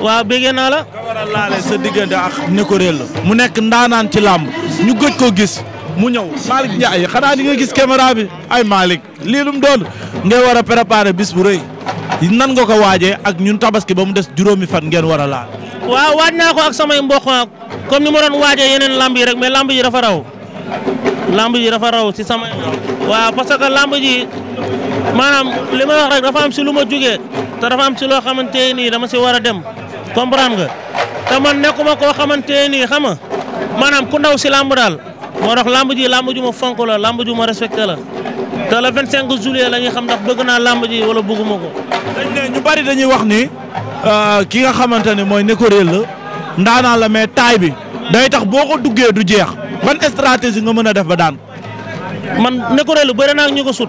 waaw bëggee naa la. nga war a laale sa diggante ak Neko mu nekk ndaanaan ci làmb ñu gëj ko gis mu ñëw Malick Ndiaye xanaa di nga gis caméra bi ay Malick lii lu mu doon ngay war a préparer bis bu rëy nan nga ko waajee ak ñun tabaski ba mu des juróomi fan ngeen war a laal. waaw waaj naa ko ak samay mbokk comme ni ma doon waajee yeneen lamb yi rek mais lamb yi dafa raw lamb yi dafa raw si sama. waaw parce que lamb ji maanaam li ma wax rek dafa am si lu ma jugee te dafa am si loo xamante nii dama si war a dem comprendre nga te man nekkuma koo xamante nii xam nga maanaam ku ndaw si làmb daal moo tax làmb ji làmb ju ma fonk la làmb ju ma respecté la te le 25 juillet la ñuy xam ndax bëgg naa làmb ji wala bëgguma ko. ñu bari dañuy wax ni euh, ki nga xamante ne mooy Neko Rell la ndaanaa la mais taay bi day tax boo ko duggee du jeex ban stratégie nga mën a def ba daan. man Neko Rell bëri naa ñu ko sut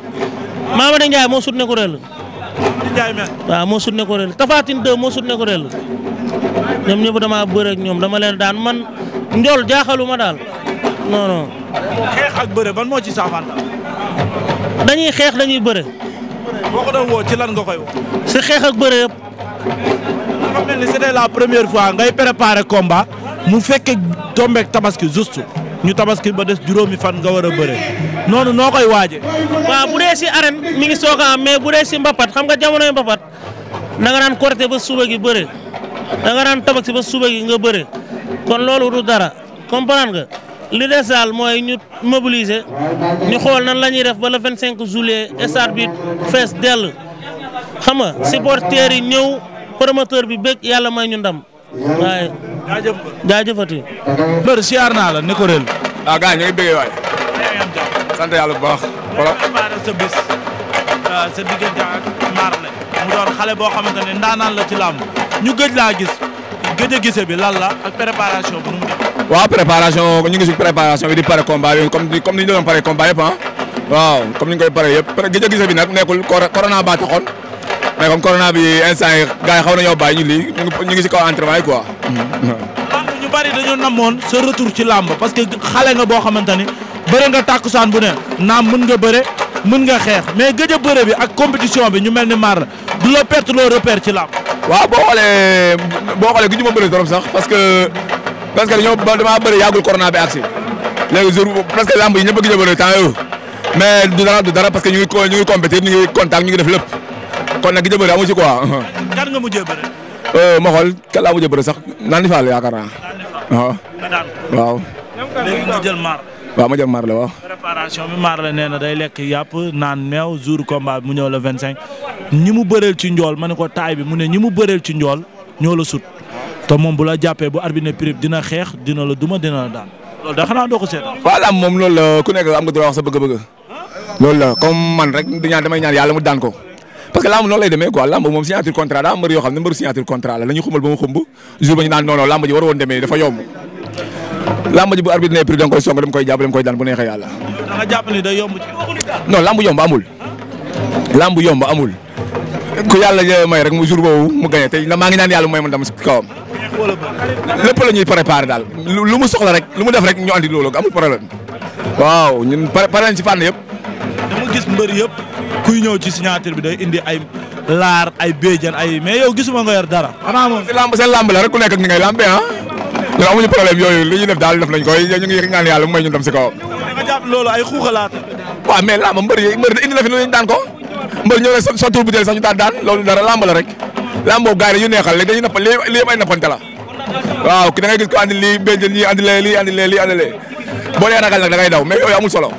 Mamady Ndiaye moo sut Neko Rell. Mamady Ndiaye waaw moo sut Neko Rell Tapha Tine 2 moo sut Neko Rell ñoom ñëpp dama bëre ak ñoom dama leen daan man njool jaaxaluma daal non xeex ak bëre ban moo ci saafanta dañuy xeex dañuy bëre. boo ko doon woo ci si xeex ak bëre yëpp. la première fois ngay préparer combat mu fekkee tombeek tabaski juste ñu tabaski ba des juróomi fan nga war a bëre noonu noo koy waaje waaw bu dee si arène mi ngi soo a am mais bu dee si mbapat xam nga jamonoy mbapat na nga korte ba suba gi bëre. da nga daan tabax si ba suba gi nga bëre kon loolu du dara comprendre nga. li des saal mooy ñu mobiliser ñu xool nan la ñuy def ba le 25 juillet stade bi fees dell xam nga yi ñëw promoteur bi bég yàlla may ñu ndam waaye. jaajëf jaajëfati. mbër siyaar naa la ne ko réel. waaw ah, gars yi baax. voilà. jàmbaar la mu doon xale boo xamante ne ndaanaan la ci lamb ñu gëj laa gis gëj a gise bi lan la ak préparation bi nu mu demee. waaw préparation ñu ni ah. comme gëj a gise bi nag nekkul corona baa taxoon mais comme corona bi instant yi gars yi xaw nañoo bàyyi ñu lii ñu ngi kaw entraînement yi quoi. ñu bari dañoo namoon sa ci làmb parce que xale nga boo xamante ni bëre nga tàkkusaan bu ne naam mën nga bëre. mën nga xeex mais gëj a bëre bi ak compétition bi ñu mel ni maar la du la perte loo repère ci làmb. waaw boo xoolee boo xoolee gëjuma bëre trop sax parce que parce que dañoo damaa bëre yàggul corona bi agsi léegi jour presque làmb yi ñëpp a gëj a bëre temps yooyu mais du dara du dara parce que ñu ngi ñu ngi compétir ñu ngi contact ñu ngi def lépp kon nag gëj a bëre amu ci quoi. kan nga mujjee bëre. Euh, ma xool kan laa mujjee bëre sax naan faal yaakaar waaw ma jël marle waaw. préparation bi marle nee na day lekk yàpp naan meew jour combat bi mu ñëw la 25 ñi mu bëreel ci njool ma ne ko taay bi mu ne ñi mu bëreel ci njool ñoo la sut te moom bu la jàppee bu arbitre prix dina xeex dina la duma dina la daan loolu da xanaa doo ko seetaan. waaw moom loolu la ku nekk am nga droit wax sa bëgg-bëgg. la comme man rek di ñaan damay ñaan yàlla mu daan ko. parce que lamb noonu lay demee quoi lamb moom signature contrat daa mbër dafa yomb lamb ji bu arbitre ne prix koy song dama koy jàpp dama koy daan bu neexee yàlla. da jàpp ni day yomb ci. non lamb yomb amul. lamb yomb amul. ku yàlla may rek mu jour boobu mu gagné te na maa ngi naan yàlla may man dama si kawam. lépp la ñuy préparé daal lu mu soxla rek lu mu def rek ñu andi loolu amul problème. waaw ñun pare nañ ci fànn yëpp. dama gis mbër yëpp kuy ñëw ci signature bi day indi ay laar ay béjjën ay mais yow gisuma nga yor dara. xanaa moom si lamb seen lamb la rek ku nekk ak ni ngay ah. ñun amuñu problème yooyu li ñuy def daal def nañ koy ñu ngi ñaan yàlla mu may ñu dem si kawam. nga jàpp loolu ay xuuxalaat. waaw mais làmb mbër yi mbër indi na ñu daan ko mbër ñëw ne sottul butéel sax ñu daan daan loolu dara làmb la rek làmb boobu gars yi dañuy neexal léegi dañuy napp lii ay waaw ki da ngay gis ko andi lii lee lii andi lee lee boo dee ragal nag daw mais yooyu amul solo